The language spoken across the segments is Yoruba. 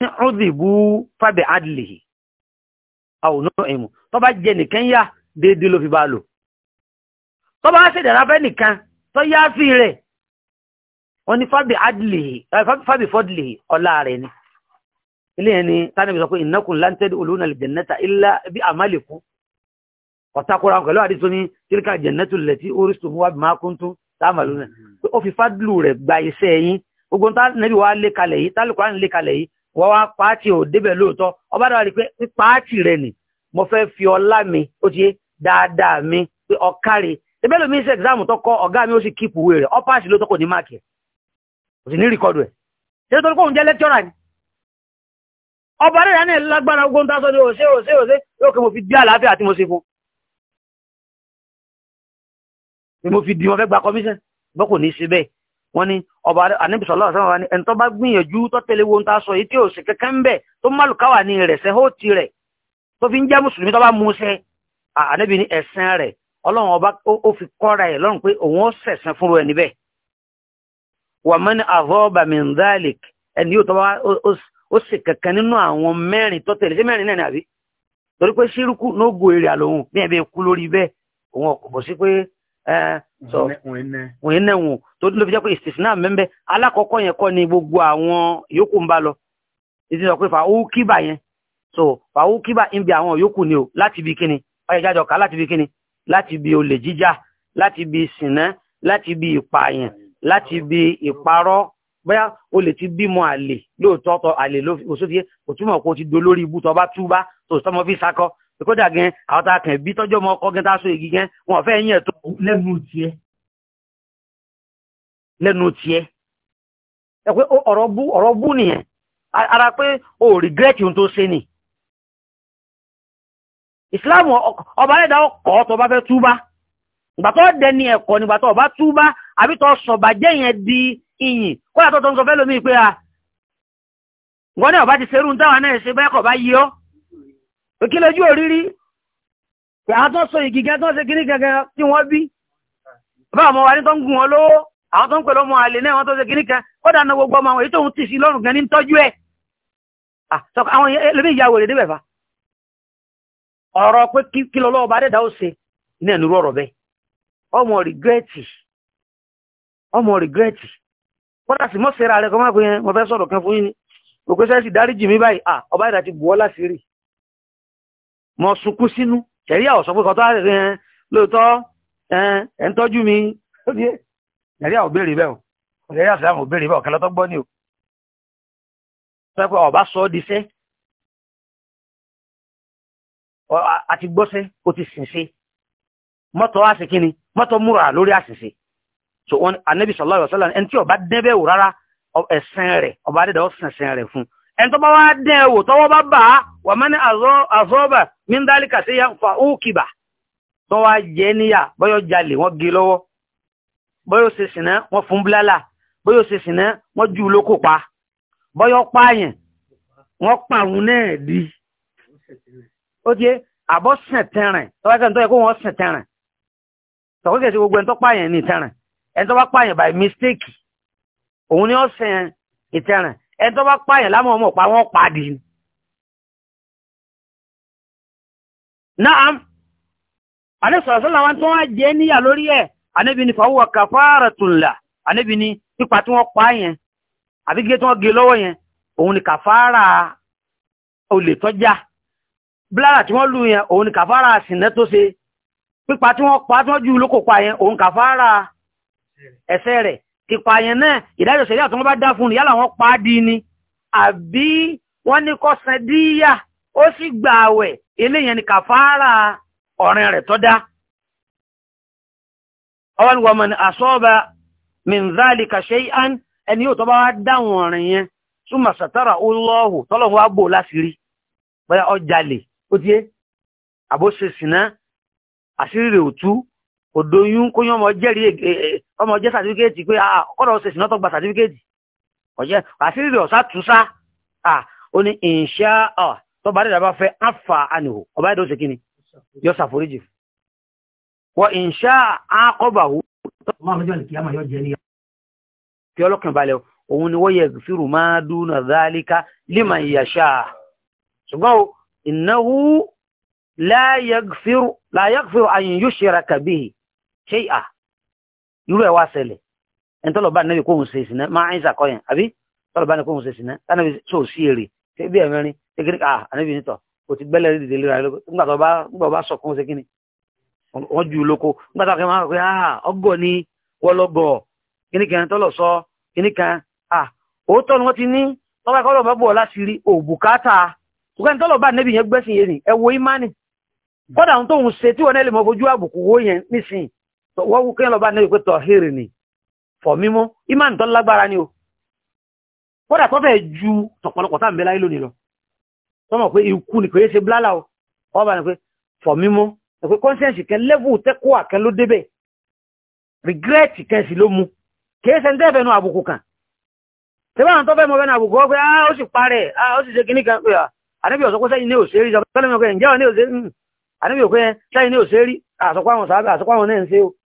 ní ọdìbú fábẹ̀ adìlèyí àwòrán ẹ̀mù tó bá jẹ nìkan yá déédé ló fi bá lò tó bá ṣèdára fẹ́ nìkan tó yá sí rẹ̀ wọ́n ní fábẹ̀ adìlèyí fábẹ̀ fọ́dìlèyí ọlá rẹ̀ ni ilé ẹni tánàbí sọ pé ìnákùn láńtẹ́dì olóhùn àlìjẹ̀nẹ́ta ilá bí àmàlìkú ọ̀takura pẹ̀lú àdìsọ ní kíríkà jẹ̀nẹ́tù lẹ̀tí orísun wà máa kún tún táàmàlú náà ó fi fádùlù rẹ̀ gba iṣẹ́ yín gbogbo tánàbí wà lé kalẹ̀ yìí tálùkù à lé kalẹ̀ yìí wọ́n wá pàátì ò débẹ̀ lóòótọ́ ọba dáwà rí pé ń pàátì rẹ̀ nì mo fẹ́ fi ọlá mi ó ti dáadáa mi pé ọ̀kárí ẹbẹ́ lómi ṣe ẹ̀gzáàmù tó kọ́ ọ̀gá mi ó sì kíìpù wé rẹ̀ ọ́pàṣì ló tọ́kọ̀ ní máàkì ẹ̀ kò sì ní rìkọ́dù ẹ̀ ṣe tó kóhun jẹ́ lẹ́kítọ́rà ni ọba rẹ̀ rẹ̀ lágbára ogun tásọ ní òṣè òṣè òṣè yóò kí mo fi di àlàáfíà tí mo ṣe fún ni mo fi di wọn fẹ́ gba kọmíṣẹ́ bọ́ kò ní ṣe bẹ́ẹ̀ wọ́n ní ọba Ànábì sallallahu alaihi wasallam ẹni tó bá gbìyànjú tó tẹ̀lé wo ta sọ yìí tí ò sì kẹ́kẹ́ ń bẹ̀ tó málùkáwà ní rẹ̀ sẹ́ ó ti rẹ̀ tó fi ń jẹ́ mùsùlùmí tó bá mú sẹ́ Ànábì ní ẹ̀sán rẹ̀ ọlọ́run ọba ó fi kọ́ra ẹ̀ lọ́rùn pé òun ó sẹ̀sán fúnru ẹ̀ níbẹ̀ wa man adhaba min dhalik ẹni yóò tó bá ó sì kẹ̀kẹ́ nínú àwọn mẹ́rin tó tẹ̀lé sí mẹ́rin náà wọ̀nyí náà wò tó ló fi jẹ́ pé istisna mẹ́mbẹ́ alákọ̀ọ́kọ́ yẹn kọ́ ni gbogbo àwọn yòókù ń bá lọ ìdí sọ pé fàáwù kíbà yẹn so fàáwù kíbà ń bi àwọn yòókù ni o láti bi kíni ọ̀yẹ̀jájọ ká láti bi kíni láti bi olè jíjà láti bi sìnà láti bi ìpààyàn láti bi ìparọ́ bóyá olè ti bímọ àlè lóòótọ́ tọ àlè lóṣòfìyẹ òtúmọ̀ kó ti dolórí ibú tó bá túbá tó sọmọ fi sakọ kódà gan àwọn tá a kàn bí tọ́jọ́ ọmọ ọkọ gan tá a so igi gan wọn fẹ́ yẹn tó. lẹ́nu tiẹ̀. lẹ́nu tiẹ̀. ẹ pé ọ̀rọ̀ bú ọ̀rọ̀ bú nìyẹn ara pé o ò rìgírẹ́tì ohun tó ṣe ni. ìsìláàmù ọba ẹ̀dá ọkọ̀ tó bá fẹ́ túbá ìgbà tó dẹni ẹ̀kọ́ nígbà tó bá túbá àbí sọ̀bàjẹ́ yẹn di iyìn kó yàtọ̀ tó ń sọ fẹ́ lómi pé a. ìwọ náà ọba ti ṣerú táwọn náà ṣe bẹ́ẹ̀ bá yí ọ́ òkè oriri òrírí pé àwọn tó ń so igi gẹ́gẹ́ tó ń ṣe kíní gẹ́gẹ́ tí wọ́n bí bá àwọn wa ní tó ń gùn wọn lówó àwọn tó ń pè lọ́mọ àlè náà wọ́n tó ṣe kíní kan kódà náà gbogbo ọmọ àwọn èyí tó ń tì ah lọ́rùn gan ní tọ́jú ẹ̀ àwọn ẹlẹ́bí ìyá wèrè débẹ̀ fa ọ̀rọ̀ pé kí lọ́lọ́wọ́ bá dẹ́dà ó ṣe ní ẹ̀nú ọ̀rọ̀ bẹ́ẹ̀ ọmọ rìgírẹ́tì ọmọ rìgírẹ́tì mo mọ sunkún sínú ṣẹ̀rí àwọ̀ sọ pé kọ́ tó á rẹ̀ ẹ̀ lóòótọ́ ẹ̀ ń tọ́jú mi ó di ṣẹ̀rí àwọ̀ béèrè bẹ́ẹ̀ o ṣẹ̀rí àṣẹ àwọn òbèrè bẹ́ẹ̀ ọ̀kẹ́lẹ́ tó gbọ́ ni o sọ pé ọba sọ ọ́ di sẹ́ àti gbọ́sẹ́ ó ti sìn sí mọ́tò àṣekínni mọ́tò múra lórí àṣìṣe so wọn anabi sallallahu alaihi wasallam ẹni tí ọba dẹ́bẹ̀ wò rárá ẹ̀sìn rẹ̀ ọba adẹ́dẹ́ ọ̀sìn rẹ̀ fún un ẹni tó bá wá dẹ́ ẹwò tọwọ́ bá bá wà mẹ́ni àzọ́bà ní dálíkà sí ya fa ókìbà tó wá jẹ níyà bọ́yọ̀ jalè wọ́n gé lọ́wọ́ bọ́yọ̀ ṣe sìnà wọ́n fún bílálà bọ́yọ̀ ṣe sìnà wọ́n jù lókò pa bọ́yọ̀ pààyàn wọ́n pàrún náà di ó ti àbọ̀ sẹ̀ tẹ̀rìn tọ́wọ́ kẹ́ni tó yẹ kó wọ́n sẹ̀ tẹ̀rìn tọ́kọ́kẹ́ sí gbogbo ẹni tó pààyàn ní ìtẹ̀rìn ni ẹni tó bá pààyàn lámọ̀ ọmọ pa wọ́n pàdé ni. Naam, Ànábì sọ̀rọ̀sọ́ làwọn tó wá jẹ́ níyà lórí ẹ̀, Ànábì ni fàwọ́ kàfàratun lah, Ànábì ni pípa tí wọ́n pa yẹn, àbí gígé tí wọ́n gé e lọ́wọ́ yẹn, òun ni kàfàrà olè tọ́já. Blára tí wọ́n lù yẹn, òun ni kàfàrà sìnẹ́ tó ṣe. Pípa tí wọ́n pa tí wọ́n jù lókò pa yẹn, òun kàfàrà ẹ̀ṣẹ̀ rẹ̀. ìpààyàn náà ìdájọ́ sẹ̀ríà tó wọ́n bá dá fún un yálà pa á di ni àbí wọ́n ní kó san díyà ó sì gba àwẹ̀ eléyẹn ni kàfàárà ọ̀rìn rẹ̀ tó dá. ọwọ́n ni wọ́n mọ̀ ní kàṣẹ́ àn ẹni yóò tó wá dáhùn ọ̀rìn yẹn súnmọ̀ sàtàrà wá òdòyún kó yán ọmọ jẹ́rí eh, eh, eh, ọmọ jẹ́ sàtífíkẹ́ẹ̀tì pé ah, ah, ọ̀rọ̀ ṣèṣì náà tó gba sàtífíkẹ́ẹ̀tì ọ̀jẹ́ àṣírí ọ̀sá túnṣá ah, ó ní ìṣá tọ́ba dẹ́dà bá fẹ́ àfà ànìwò ọba ẹ̀dọ́ ṣe kíni yọ ṣàforíjì wọ ìṣá àkọ́bàwò tí ọlọ́kàn balẹ̀ òun ni wọ́n yẹ fírù máa dúnà dálíkà límà ìyàṣá ṣùgbọ́n ìnáwó láyàgfírù àyìn yóò ṣe ra kàbíyì ṣé à irú ẹ̀ wá ṣẹlẹ̀ ẹni tọ́lọ̀ bá nẹ́bí kóhun ṣe ìsìnà máa ń ṣàkọ́ yẹn àbí tọ́lọ̀ bá nẹ́bí kóhun ṣe ìsìnà tánàbí tó sí èrè ṣé bí ẹ̀mẹrin ṣé kí ni à ah, ànẹ́bí nítọ̀ kò ti gbẹ́lẹ̀ dìde lera rẹ nígbà tó bá sọ kóhun ṣe kí ni wọ́n ju lóko nígbà tó máa pẹ́ à ọgọ́ ni wọ́lọ́gọ̀ kíní kan tọ́lọ̀ sọ kíní kan à ah, òótọ́ ni wọ́n ti ní tọ́ba kọ́lọ̀ bá bọ̀ láti rí òbùkátà ṣùgbọ́n tọ́lọ̀ bá nẹ́bí yẹn gbẹ́sìn yẹn ni ẹ wo ìmánì kọ́dà tó ń ṣe tí wọ́n wọ́n wú kéèyàn lọ bá nẹ́bí pé tọ̀hírì ni fọ̀ mímọ́ imáàni tó lágbára ni o kódà tó fẹ́ ju tọ̀pọ̀lọpọ̀ tá à ń bẹ láyé lónìí lọ tó mọ̀ pé ikú ni kìí ṣe blálà o wọ́n bá ní pé fọ̀ mímọ́ pé conscience kẹ level tẹ́kọ̀ àkẹ́ ló débẹ̀ regret kẹ́ sì ló mu kìí ṣe ń tẹ́fẹ̀ nu àbùkù kan tẹ́fẹ̀ àwọn tó fẹ́ mọ fẹ́ nu àbùkù ah ó sì ah ó sì ṣe kinní kan pé àníbi ọ̀sọ́ pé sẹ́yìn ní òṣèré ìjọba tẹ́lẹ̀ mi ò pé ǹjẹ́ wọn ní òṣèré àníbi ò pé sẹ́yìn ní òṣèré àsọpọ̀ àwọn sàábẹ̀ àsọpọ̀ àwọn náà ń ṣe o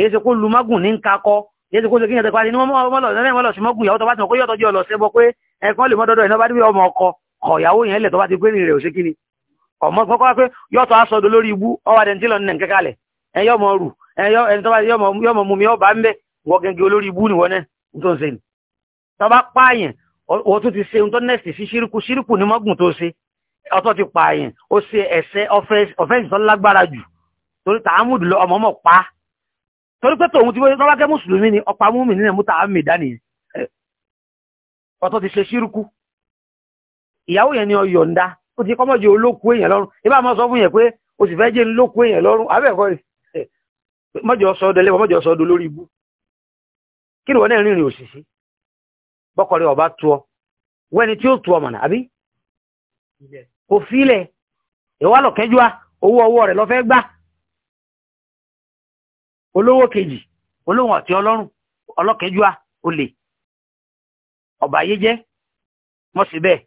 kìí ṣe kó lu mágùn ní kakọ kìí ṣe kó ṣe kí ẹ̀tẹ̀ parí ní mọ́lọ̀ sí mọ́gùn ìyàwó tó bá ti mọ̀ kó yọ̀ tọ́jú ọlọ́ sẹ́bọ̀ pé ẹ̀kan lè mọ́ dọ́dọ̀ ìnáwó bá dé ọmọ ọkọ ọ̀yàwó yẹn lẹ̀ tó bá ti pé ní rẹ̀ ò ṣe kí ni ọmọ kọ́kọ́ pé yọ́tọ̀ aṣọ́dọ̀ lórí ibú ọwà dẹ̀ tí ni tọ́ba pààyàn ó tún ti ṣe ohun tó nẹ́ẹ̀sì sí ṣírùkù ṣírùkù ní mọ́gùn tó ṣe ọtọ́ ti pààyàn ó ṣe ẹ̀ṣẹ̀ ọ̀fẹ́ǹsì tó lágbára jù torí tààmùdù lọ ọmọ mọ̀ pa torí pé tòun ti wọ́n tó bá mùsùlùmí ni ọ̀pá múmi nílẹ̀ múta àmì ìdá nìyẹn ọ̀tọ̀ ti ṣe ṣírúkú ìyàwó yẹn ni ọyọ̀ ǹda ó ti kọ́mọ́jẹ olókù èèyàn lọ́rùn ibà máa sọ fún yẹn pé o sì fẹ́ jẹ́ olókù èèyàn lọ́rùn abẹ́ẹ̀kọ́ rẹ̀ mọ́jọ sọ ọdọ lẹ́wọ̀ mọ́jọ sọ ọdọ lórí ibú kí ni wọ́n náà rìnrìn òṣìṣẹ́ bọ́kọ̀rẹ́ ọba tu ọ wẹ́ni tí ó tu ọmọ náà àbí kò fílẹ̀ ìwálọ̀kẹ́jọ́ owó ọwọ́ rẹ̀ lọ́fẹ́ gbá olówó kejì olóhùn ọ̀tí ọlọ́run ọlọ́kẹjúà olè ọ̀bà ayé jẹ́ mọ́ sí bẹ́ẹ̀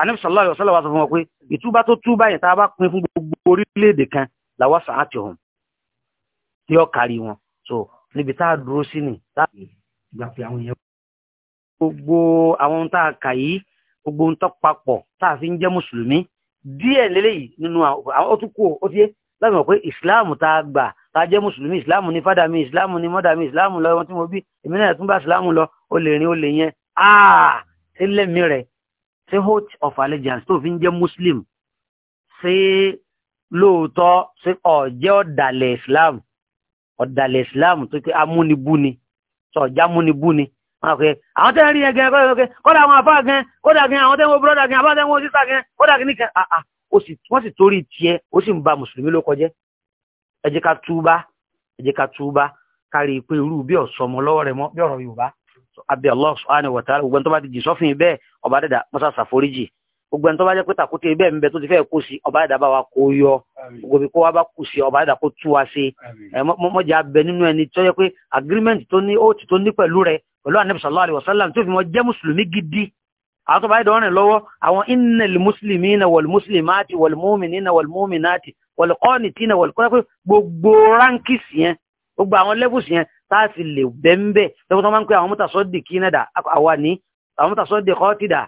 anabi sallallahu alaihi wasallam sọ fún wọn pé ìtúbá tó túbá yẹn tá a bá pín fún gbogbo orílẹ̀-èdè kan làwọn sàn àti ọ̀hún tí ó kárí wọn so níbi tá a dúró sí ni láti gbà pé àwọn yẹn. gbogbo àwọn tá a kà yìí gbogbo ń tọ́ papọ̀ tá a fi ń jẹ́ mùsùlùmí díẹ̀ lélẹ́yìí nínú àwọn ó tún kú ó ti yé láti mọ̀ pé ìsìláàmù tá a gbà tá a jẹ́ mùsùlùmí ìsìláàmù ni fádà mi ìsìláàmù ni mọ́dà mi ìsìláàmù lọ ẹwọn tí mo bí èmi náà tún bá ìsìláàmù lọ o lè rin o lè yẹn aa ṣé lẹ́mí rẹ̀ ṣé hope of allegiance tó fi ń jẹ́ muslim ṣé lóòótọ́ ṣé ọ̀jẹ́ ọ̀dàlẹ̀ islam ọ̀dàlẹ̀ islam tó pé amúnibúni ṣọ̀já amúnibúni àwọn tẹ́ ń rí yẹn gẹ́gẹ́ kọ́dà àwọn àfáà gẹ́gẹ́ kódà gẹ́gẹ́ àwọn tẹ́ ń wo búrọ́dà gẹ́gẹ́ àbá tẹ́ ń wo sísà gẹ́gẹ́ kódà gẹ́gẹ́ wọ́n sì torí tiẹ̀ ó sì ń ba mùsùlùmí ló kọjẹ́ ẹ jẹ́ ká túbá ẹ jẹ́ ká túbá kárí pé irú bí ọ̀sọ́ ọmọ lọ́wọ́ rẹ mọ́ bí ọ̀rọ̀ yorùbá abẹ́ Allah subhanahu wa ta'ala gbogbo ẹni tó bá ti jì sọ́fìn bẹ́ẹ̀ ọba dẹ́dà mọ́sá ṣàforíjì gbogbo ẹni tó bá jẹ́ pé tàkúté bẹ́ẹ̀ ń tó ti fẹ́ kó sí ọba dẹ́dà bá wa kó yọ gbogbo kó wa bá kù sí ọba dẹ́dà kó tú wa ṣe mọ́jà abẹ nínú ẹni tó yẹ pé agreement tó ní ó ti tó ní pẹ̀lú rẹ pẹ̀lú anabi sallallahu alayhi wa sallam tó fi mọ́ jẹ́ mùsùlùmí gidi àwọn tó bá ìdọ̀ rìn lọ́wọ́ àwọn innal muslimina wal muslimati wal mu'minina wal mu'minati wal qanitina wal qanitat gbogbo ránkìsì yẹn gbogbo àwọn levels yẹn tá sì lè bẹ́ńbẹ́ lọ́wọ́ tó máa ń pẹ́ àwọn mutasaddiqina dà àwa ní àwọn mutasaddiqati dà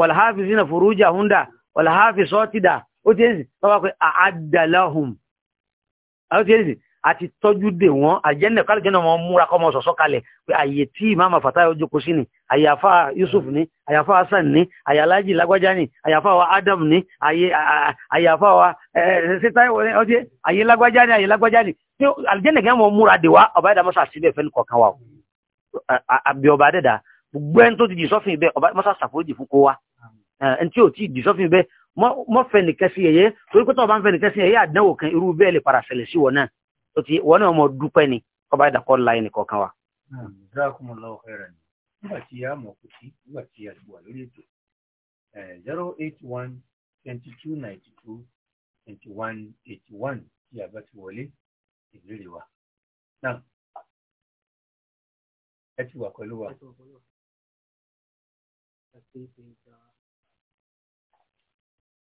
wal hafizina furujahum dà wal hafizati dà ó ti ń sìn tọ́wọ́ pé a'adda lahum ó ti ń sìn àti tọ́jú dè wọ́n àjẹ́nà kálùjẹ́nà wọn múra kọmọ sọ̀sọ́ kalẹ̀ pé àyè tí ìmáàmà fàtáyà ojókòó sí ni àyàfà Yusuf ni àyàfà Hassan ni àyàlájì lágbájá ni àyàfà wa Adam ni àyàfà wa ẹ̀ẹ́dẹ́sẹ́tàyẹ àyè lágbájá ni àyè lágbájá ni tí àjẹ́nà kẹ́ wọn múra dè wá ọba ẹ̀dá mọ́sà síbẹ̀ fẹ́ kọ̀ọ̀kan wa àbí ọba dẹ̀dà gbogbo ẹni tó ti dìsọ́fìn ibẹ̀ ọba mọ́sà ṣàforíjì fún kó wa ẹni tí ò tí dìsọ́fìn ibẹ̀ mọ́ fẹ́ nìkẹ́sí ẹ̀yẹ torí pé tó ọba ń fẹ́ nìkẹ́sí ẹ̀yẹ àdánwò kan irú bẹ́ẹ̀ lè ó ti wọ́n náà mọ̀ dúpẹ́ ni ọba ìdàkọ́ la ẹnì kọ̀ọ̀kan wa. jazakumullahu khairan nígbà tí a mọ̀ kò sí nígbà tí a ti lórí ètò eh, zero eight one twenty two ninety two twenty one eighty one tí a bá ti wọlé ìbéèrè wa. náà ẹ ti wà pẹ̀lú wa.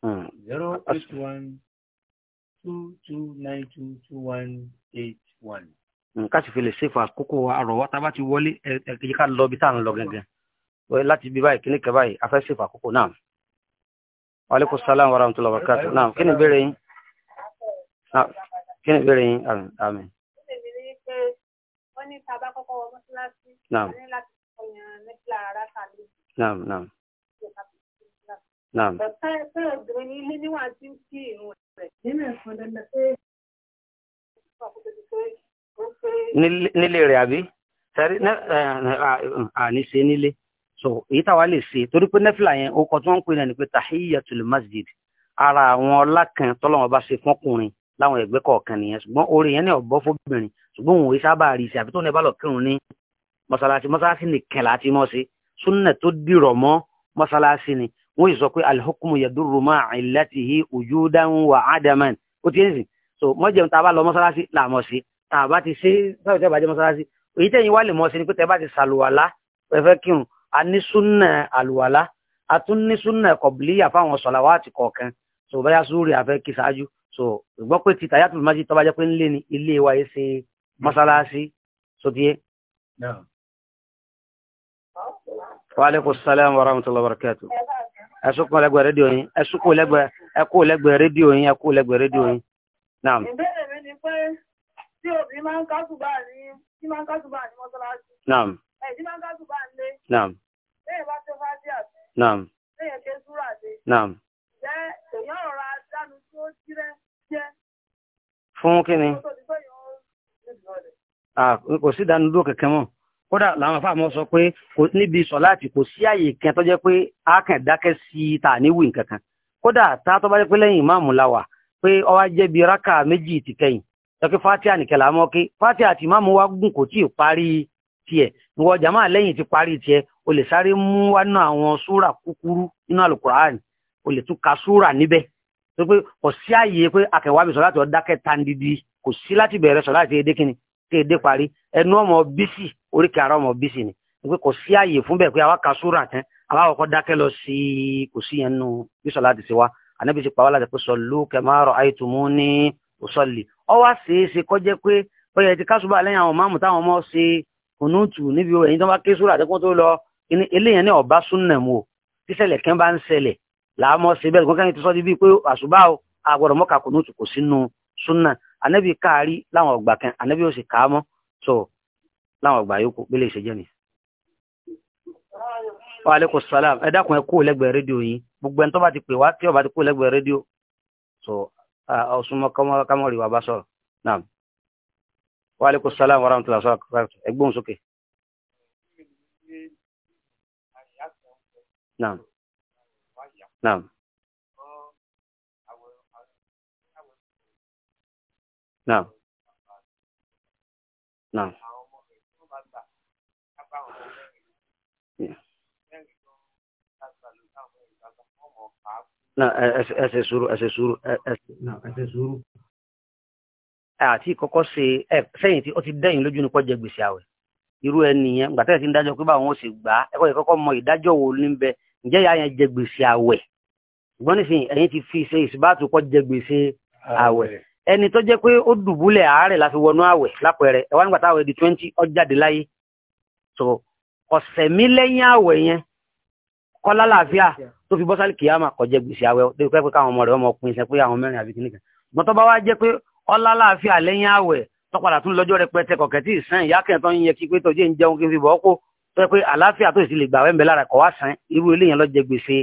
Hmm. zero eight one two two nine two two one eight one. nǹkan sì fi lè ṣèfà àkókò àrọ̀ wa tá a bá ti wọlé ẹ̀ẹ́dẹ́gbẹ́ ká lọ ibi tá à ń lọ gẹ́gẹ́ láti bí báyìí kíní kẹ́báyìí a fẹ́ ṣèfà àkókò náà. waaleykum salaam wa rahmatulah wa barakatuh naam kí ni ìbéèrè yín kí ni ìbéèrè yín àmín. wọ́n ní tá a bá kọ́kọ́ Bàbá ẹgbẹ́ obìnrin ní ilé níwà tí ń kí ìrún rẹ̀ nínú ẹ̀kan dandan pé nílé rẹ̀ àbí sẹ́rí àní ṣe nílé so èyí táwa lè ṣe torí pé nẹ́fìlà yẹn ó kọ́ tí wọ́n ń pè náà ni pé tahiyatul masjid ara àwọn ọlá kan tọ́lọ́wọ́n bá ṣe fọ́kùnrin láwọn ẹgbẹ́ kọ̀ọ̀kan nìyẹn ṣùgbọ́n orin yẹn ní ọ̀bọ fóbìnrin ṣùgbọ́n òun sábà rí ṣe àbí tó ní bá lọ kírun ní mọ́ṣáláṣí mọ́ṣáláṣí nìkan láti mọ́ ṣe súnà tó dìrọ̀ mọ́ mọ́ṣáláṣí ni wọ́n yìí sọ pé alhukumu yadurru ma illatihi wujudan wa adaman ó ti ń sìn so mọ́jẹun tá a bá lọ mọ́sálásí làmọ́ sí tá a bá ti ṣe báyọ̀ tẹ́ bá jẹ́ mọ́sálásí èyí tẹ̀yìn wá lè mọ́ sí ni pé tẹ́ bá ti sàlùwàlá pẹ̀fẹ́ kírun a ní súnà àlùwàlá a tún ní súnà kọ̀bìlíyà fáwọn sọ̀làwátì kọ̀ọ̀kan so báyà súrì àfẹ́ kí ṣáájú so ìgbọ́ pé ti tàyàtù májí tó bá jẹ́ pé ńlé ni ilé wa so tiye. wa alaikum salaam wa rahmatullahi wa barakatuh ẹsùnkún lẹ́gbẹ̀ẹ́ rédíò yín ẹsùnkún lẹ́gbẹ̀ẹ́ ẹkú lẹ́gbẹ̀ẹ́ rédíò yín ẹkú lẹ́gbẹ̀ẹ́ rédíò yín. ìbéèrè mi ni pé tí òbí máa ń kásùbà ní tí máa ń kásùbà ní mọ́sálásí. ẹ̀ tí máa ń kásùbà ń lé. lẹ́yìn bá tó bá dé àti. lẹ́yìn ké súrà dé. ǹjẹ́ èèyàn ọ̀rọ̀ adánu tó jílẹ̀ jẹ́. fún kí ni. kò sí ìdánudúró kẹ̀kẹ́ mọ́ kódà làwọn afáàmọ sọ pé níbi sọláàtì kò sí àyè kan tó jẹ́ pé a kàn dákẹ́ sí i tà níwì nǹkan kan kódà tá a tó bá jẹ́ pé lẹ́yìn ìmáàmù la wà pé ó wá jẹ́ bí rákà méjì ti kẹ́yìn tọ́kí fatia nìkẹ́ làwọn ọkẹ́ fatia àti ìmáàmù wa gùn kò tí ì parí tiẹ̀ ìwọ jàmáà lẹ́yìn ti parí tiẹ̀ o lè sáré mú wá nínú àwọn súrà kúkúrú nínú àlùkùránì o lè tún ka súrà níbẹ̀ tó pé kò sí àyè pé akẹwàbí sọ láti ọdákẹ́ tandidi kò sí láti bẹ̀rẹ̀ sọ láti èdè kíni parí ẹnu ọmọ bísí oríkèé ara ọmọ bísí ni pé kò sí àyè fún bẹ́ẹ̀ pé àwa ka súrà tán àwa kọ́kọ́ dákẹ́ lọ sí kò sí yẹn nù bísọ̀ láti ṣe wa ànábì ti pa wá láti pé sọ̀lú kẹmàárọ̀ àìtùmú ní òsọ̀lì ọ wá ṣeéṣe kọ́ jẹ́ pé bóyá ti kásùbà lẹ́yìn àwọn máàmù táwọn ọmọ ṣe kùnúùtù níbi ẹ̀yìn tó bá ké súrà tẹ́kùn tó lọ eléyẹn ní ọ̀bá súnnà tíṣẹ̀lẹ̀ kẹ́ bá ń ṣẹlẹ̀ làámọ̀ ṣe bẹ́ẹ̀ gbọ́n kẹ́yìn ti sọ di bíi pé àṣùbà o àgbọ̀dọ̀ mọ́ka kùnúùtù kò sínú súnnà ànábì káàrí láwọn ọ̀gbà kan ànábì ó sì kàá so láwọn ọgbà yòókù bí lè ṣe jẹ́ ni. wa aleykum salam ẹ dákun ẹ kó lẹ́gbẹ̀ẹ́ rédíò yín gbogbo ẹni tó bá ti pè wá tí ó bá ti kó lẹ́gbẹ̀ẹ́ rédíò so ọ̀sùnmọ́ kámọ́rì wà bá sọ̀rọ̀ naam wa aleykum salam wa rahmatulah sọ̀rọ̀ ẹgbọ́n sókè. naam naam. naam naam. náà ẹ ṣe sùúrù ẹ ṣe sùúrù ẹ ṣe sùúrù àti kọ́kọ́ ṣe ẹ sẹ́yìn tí ó ti dẹ́yìn lójú ní kọjẹ gbèsè àwẹ̀ irú ẹni yẹn gbàtẹ́ ẹ̀ ti ń dájọ́ pé báwọn ò sì gbà á ẹ̀kọ́ ìkọ́kọ́ mọ ìdájọ́ wo ní bẹ ǹjẹ́ ìyá yẹn jẹ gbèsè àwẹ̀ ṣùgbọ́n nísìnyí ẹ̀yin ti fi ṣe ìsìbáàtù kọ́ jẹ gbèsè àwẹ̀ ẹni tó jẹ́ pé ó dùbúlẹ̀ àárẹ̀ láti wọnú àwẹ̀ lápẹẹrẹ ẹ̀wá nígbà táwẹ̀ di twenty ó jáde láyé so ọ̀sẹ̀ mi lẹ́yìn àwẹ̀ yẹn kọ́ lálàáfíà tó fi bọ́ sálì kìyàmà kọjá gbèsè àwẹ̀ débi pẹ́ pé káwọn ọmọ rẹ̀ ọmọ pin iṣẹ́ pé àwọn mẹ́rin àbí kìnnìkan mọ́ tó bá wá jẹ́ pé ọlá láàfin àlẹ́yìn àwẹ̀ tó padà tún lọ́jọ́ rẹpẹtẹ kọ̀kẹ́ tí ìsàn ìyá kẹ́hìn tó ń yẹ kí pé tó jẹ́ ń jẹun kí n fi bọ́ kó tó yẹ pé àlàáfíà tó sì lè gbà wẹ́ńbẹ́ lára kọ̀ wá sàn irú eléyàn lọ́jẹ́ gbèsè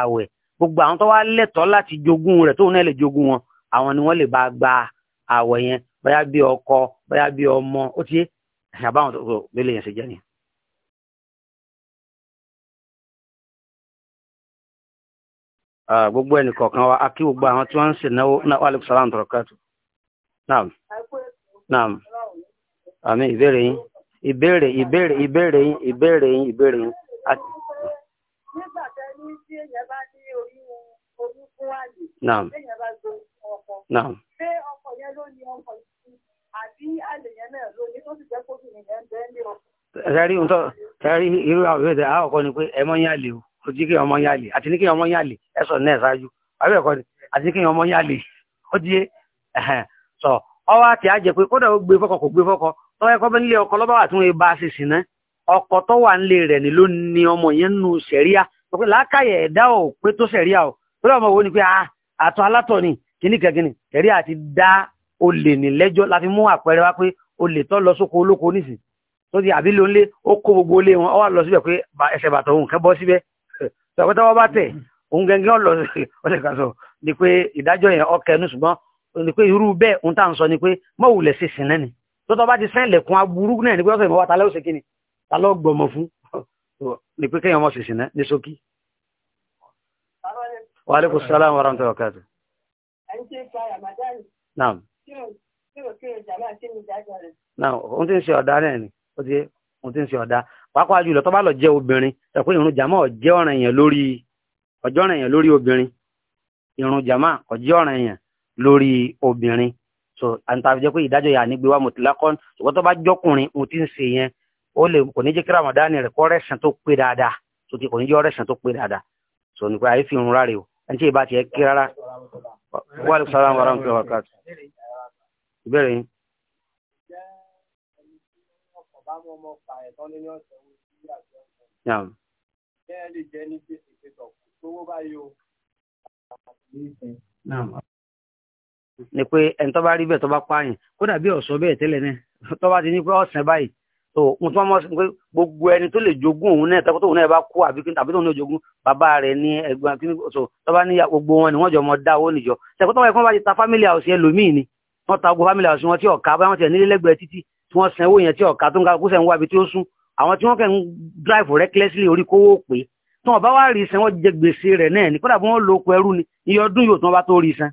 àwẹ̀ gbogbo àwọn tó wá lẹ́tọ̀ọ́ láti jogún rẹ̀ tóun náà lè jogún wọn àwọn ni wọ́n lè bá gba àwẹ̀ yẹn bóyá bí ọkọ bóyá bí ọmọ ó ti yé àbáwọn tó lè yẹn ṣe jẹ́ nìyẹn. gbogbo ẹnì kọ̀ọ̀kan wa akí gbogbo àwọn tí wọ́n ń sè náwó náà wà lẹ́kùsọ̀rọ̀ naam naam àmì ìbéèrè yín ìbéèrè ìbéèrè ìbéèrè yín ìbéèrè yín ìbéèrè yín. nígbà naam naam. ṣé yẹn ló ní àbí àlè yẹn náà ló kò jí kéèyàn ọmọ yá lè àti ní kéèyàn ọmọ yá lè ẹ sọ náà ṣáájú àbí ẹ̀kọ́ ni àti ní kéèyàn ọmọ yá lè ó di ẹ̀hẹ̀n sọ ọwọ́ àti àjẹ pé kódà ó gbé fọ́kọ kò gbé fọ́kọ tọ́wọ́ ẹ̀kọ́ bẹ́ẹ̀ nílé ọkọ lọ́ba wà tí wọ́n bá a ṣe sìn náà ọkọ tó wà nílé rẹ̀ ni ló ní ọmọ yẹn nù sẹ̀ríà pé lákàyè ẹ̀dá ò pé tó sẹ̀ríà o pé ọmọ wo ni pé ah, àtọ̀ alátọ̀ ni kìnnìkan kìnnì sẹ̀ríà ti dá olè ní lẹ́jọ́ láti mú àpẹẹrẹ wá pé olè tó lọ sóko olóko nísìn tó ti àbí lónlé ó kó gbogbo ilé wọn ó wà lọ síbẹ̀ pé ẹsẹ̀ bàtọ̀ òun kẹ́ bọ́ síbẹ̀ sọ̀rọ̀ tọ́wọ́ bá tẹ̀ mm-hmm. òun gẹ́gẹ́ ọ̀lọ́ ọ̀sẹ̀ kan sọ ni pé ìdájọ́ yẹn ọkẹ́ ẹnu ṣùgbọ́n ni pé irú bẹ́ẹ̀ òun tá à ń sọ ni pé mọ̀wùlẹ̀ sí sìn náà ni tó tọ́ bá ti sẹ́ ilẹ̀kùn aburú náà ni pé ọ̀sẹ̀ ìmọ̀wá talẹ́ òsè kíni ta ló gbọmọ fún ni pé kéèyàn mọ̀ sì sìn náà ní ṣókí. wa alaikum salaam wa rahmatullahi wa barakatuh. ẹni tí ń pa ramadan. naam. kí o kí o jàmáà kí ni ti ń ṣe ọ̀dà náà ni ó ti ń ṣe ọ̀dà pàápàá jùlọ tó bá lọ jẹ́ obìnrin ẹ̀kọ́ ìrun jàmá ọ̀jẹ́ ọ̀ràn yẹn lórí ọjọ́ ọ̀ràn yẹn lórí obìnrin ìrun jàmá ọ̀jẹ́ ọ̀ràn yẹn lórí obìnrin so àǹtàfi jẹ́ pé ìdájọ́ yà nígbè wa mọ̀tìlákọ́n ṣùgbọ́n tó bá jọ́kùnrin mo ti ń ṣe yẹn ó lè kò ní jẹ́ kí ramadan rẹ̀ kọ́ rẹ̀sán tó pé dáadáa so kò ní jẹ́ rẹ̀sán tó pé dáadáa so nípa ayé fi irun rárẹ̀ o ẹni tí ì bá tiẹ̀ kí rárá wàhálà sàlámù aláǹkì ìbéèrè yín bá mọ ọmọ pààyàn tán lé ní ọ̀sẹ̀ wo sí àti ọ̀sẹ̀. bẹ́ẹ̀ lè jẹ́ ní gbèsè pẹ̀tọ̀ tówó báyìí o. ni pé ẹni tó bá rí bẹ́ẹ̀ tó bá pààyàn kódà bí ọ̀sọ́ bẹ́ẹ̀ tẹ́lẹ̀ náà tó bá ti ní pé ọ̀sẹ̀ báyìí so mo tún mọ̀ sí pé gbogbo ẹni tó lè jogún òun náà tọkọtò òun náà bá kú àbí kí tàbí tóun náà jogún bàbá rẹ̀ ní ẹ̀gbọ́n kí so tọba ní gbogbo wọn ni wọn jọ mọ dá owó nìjọ tẹkọtọ wọn kí wọn bá ti ta family house ẹlòmíì ni wọn ta gbogbo family house wọn tí ọkà bá wọn tiẹ̀ nílé lẹ́gbẹ̀ẹ́ títí tí wọ́n san owó yẹn tí ọ̀ka tó ń ga kúṣẹ̀ ń wá ibi tí ó sún àwọn tí wọ́n kẹ́ ń drive recklessly orí kówó pé tí wọ́n bá wá rí san wọ́n jẹ gbèsè rẹ̀ náà ní kódà bí wọ́n lo oko ẹrú ni iye ọdún yóò tí wọ́n bá tó rí san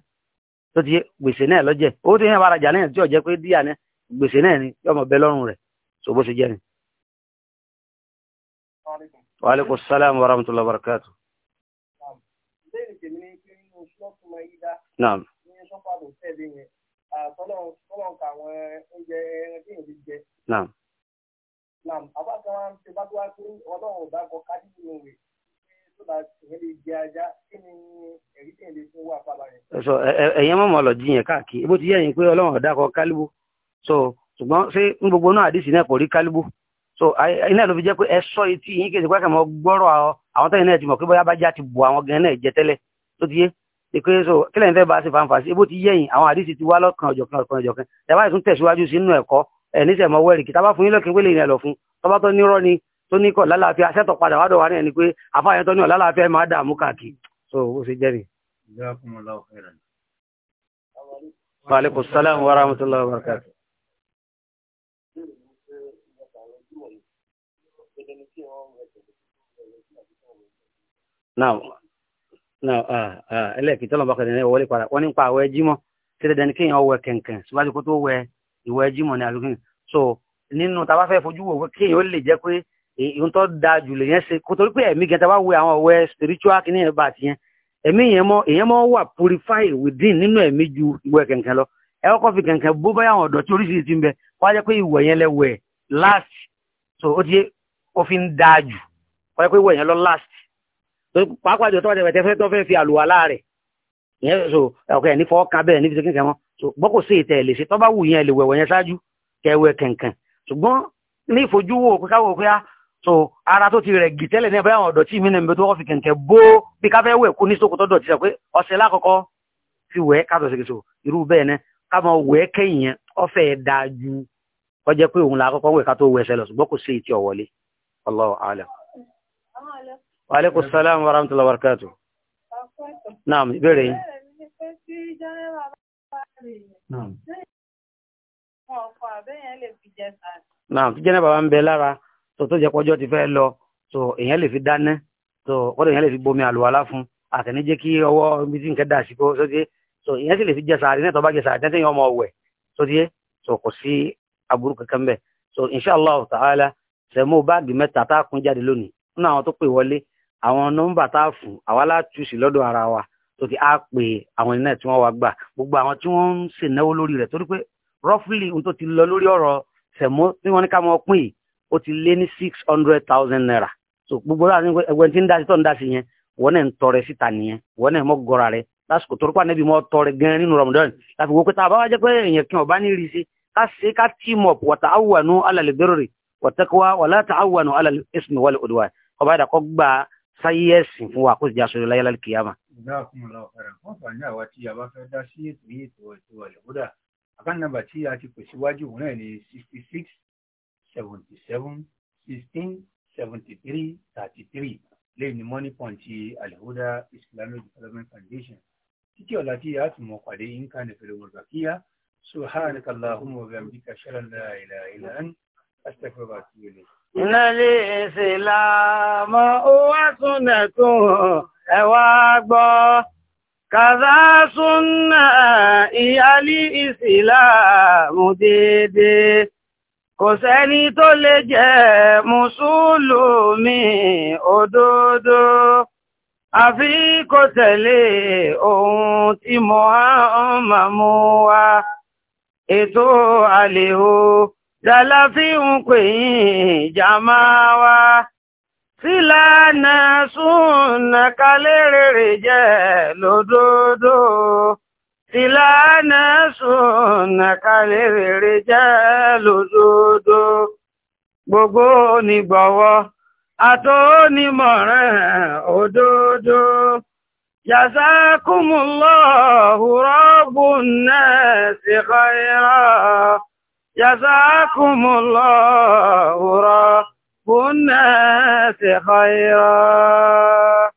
tó ti gbèsè náà lọ́jẹ̀ owó tí yẹn bá rajà náà tí ọ̀jẹ́ pé díà náà gbèsè náà ni yọmọ bẹ lọ́rùn rẹ̀ so bó ṣe jẹ́ ni. wa àtọ́lọ́wọ́n ka àwọn oúnjẹ ẹran tí èèyàn ti jẹ. Nam àbáṣe wa ṣe bá tó wá pé ọlọ́run ò bá kọ kájí nínú rẹ̀ tó bá èèyàn lè jẹ ajá kí ni èrí tí èèyàn lè fún wà fábà rẹ̀. Sọ ẹ̀yẹ́ mọ̀mọ́ lọ jiyàn káàkiri bó ti yẹ yín pé ọlọ́run ọ̀dà kọ kálíbù so ṣùgbọ́n ṣé ń gbogbo náà àdìsí náà kò rí kálíbù so iná ló fi jẹ́ pé ẹ etí yín kí èsì pàkàmọ́ gbọ́rọ̀ àwọn tẹ́yìn náà ti mọ̀ pé bóyá bá já ti bù àwọn gan náà jẹ tẹ́lẹ̀ tó ti yé ìpè so kílẹ̀ nífẹ̀ẹ́ bá ṣe fanfà sí ebó ti yẹ̀yìn àwọn àdìsí ti wá lọ́kàn ọ̀jọ̀kan ọ̀kan ọ̀jọ̀kan tẹ̀bá ìtún tẹ̀síwájú sí nínú ẹ̀kọ́ ẹ̀ níṣẹ̀ mọ́ wẹ́rì kìtàbá fún yín lọ́kàn wẹ́lẹ̀ ìrìn ẹ̀lọ́ fún tọ́ba tó nírọ́ ni tó ní kọ̀ lálàáfíà sẹ́tọ̀ padà wádọ̀ wá ní pé àfáàyàn tó ní ọ̀ lálàáfíà máa dààmú káàkiri so ó ṣe jẹ́rì. Wa alaikum salaam wa rahmatullahi wa barakatuh. Now, ẹlẹ́ẹ̀kì tọ́lọ̀ bọ́kẹ́ ní wọlé padà wọ́n nípa àwẹ̀ jímọ̀ tí dandan kí èèyàn wẹ kẹ̀kẹ́ síwájú kó tó wẹ ìwẹ̀ jímọ̀ ní àlùkìn so nínú tá a bá fẹ́ fojú wò pé kéèyàn ó lè jẹ́ pé ìhun tó da jù lè yẹn ṣe kó torí pé ẹ̀mí gan tá a bá wẹ àwọn ọ̀wẹ́ spiritual kìíní yẹn bá tiẹ̀ ẹ̀mí yẹn mọ́ èèyàn mọ́ wà purify within nínú ẹ̀mí ju ìwẹ̀ kẹ̀kẹ́ lọ ẹ kọ́kọ́ fi kẹ̀kẹ́ bó bá àwọn ọ̀dọ́ tí oríṣiríṣi ń bẹ wọ́n á jẹ́ pé ìwẹ̀ yẹn lẹ wẹ̀ last so ó ti ó fi ń da jù wọ́n á jẹ́ pé ìwẹ̀ yẹn lọ last pàápàá jọ tọ́wọ́ tẹ̀wẹ̀tẹ̀ fẹ́ tọ́ fẹ́ fi àlùwà láàrẹ̀ ìyẹn so ọkọ ẹ̀ ní fọ́ kan bẹ́ẹ̀ níbi kíkẹ́ wọn so bọ́kò sí ìtẹ̀ lè ṣe tọ́ba wù yẹn lè wẹ̀wẹ̀ yẹn ṣáájú kẹwẹ́ kankan ṣùgbọ́n ní ìfojúwò káwọ́ pé so ara tó ti rẹ̀ gì tẹ́lẹ̀ ní ẹ̀bẹ̀rẹ̀ àwọn ọ̀dọ̀tí mi nẹ̀mí tó wọ́n fi kẹ̀kẹ́ bó bí káfẹ́ wẹ̀ kú ní sókòtò dọ̀tí sọ pé ọṣẹ lákọ̀ọ́kọ́ fi wẹ̀ káàtó tó wẹ̀ Wàlékún sálàmù wa rahmatullahi wa barakatuh. Naam, ìbéèrè yìí. Naam, tí jẹ́nà bàbá ń bẹ lára tó tó jẹ́ pọ́jọ́ ti fẹ́ lọ tó èèyàn lè fi dáná tó kọ́dọ̀ èèyàn lè fi bomi àlùwàlá fún àtẹ̀ní jẹ́ kí ọwọ́ ibi tí nǹkan dà sí kó sóti tó èèyàn sì lè fi jẹ sàárì náà tó bá jẹ sàárì tẹ́tẹ́ yẹn ọmọ ọ̀wẹ̀ sóti tó kò sí aburú kankan bẹ́ẹ̀ tó insha Allah ta'ala sẹ́mu báàgì mẹ́ta tá a kún jáde lónìí nínú àwọn tó pè wọlé àwọn nọ́mbà tá a fún àwa láti ṣì lọ́dọ̀ ara wa tó ti á pè àwọn iná tí wọ́n wá gbà gbogbo àwọn tí wọ́n ń ṣènáwó lórí rẹ̀ torí pé roughly ohun tó ti lọ lórí ọ̀rọ̀ sẹ̀mó tí wọ́n ní ká máa pín yìí ó ti lé ní six hundred thousand naira so gbogbo láti ẹgbẹ́ tí ń dá sí tó ń dá sí yẹn wọ́n náà ń tọrẹ síta nìyẹn wọ́n náà mọ́ gọ́ra rẹ̀ lásìkò torí pé ànábì mọ́ tọrẹ gan nínú Ramadan láti wo pé tá a bá wá jẹ́ pé èèyàn kí wọ́n bá ní rí sí ká ṣe ká team up wa ta'awanu alal birri wa taqwa wa sáyé ẹ̀sìn fún wa kó sì já sọ̀rọ̀ láyé lálẹ́ kìyàmà. ìdáàkùnlá ọ̀fẹ́ra fún àǹfààní àwa tí a bá fẹ́ dá sí ètò yìí ètò ètò àlèkódà àkànnàbà tí a ti pèsè wájú òun náà sixty six seventy seven sixteen seventy three thirty three lẹ́yìn ní money point ti àlèkódà Islamic Development Foundation títí ọ̀la tí a tún mọ̀ pàdé yín kan nìfẹ̀lẹ̀ wọ̀lbà kíyà subhanakallahumma wa bihamdika ashhadu an la ilaha illa anta astaghfiruka wa Ìnàlẹ̀ ìsìlámọ́ ó wá súnnà tó ẹ wá gbọ́. Kàzá súnnà ìyálí ìsìlámù dédé. Kò sẹ́ni tó lè jẹ́ Mùsùlùmí òdodo. Àfi kó tẹ̀lé ohun tí Mùhàmmá mú wá. Ètò àlèhò dalafin kwin jamawa sílànà súnà kalérèrè jẹ́ lódodo sílànà súnà kalérèrè jẹ́ lódodo gbogbo onígbọ̀wọ́ àtọ́nímọ̀ràn òdodo jazakumullahu rabbun nasi khaira. جزاكم الله رب الناس خيرا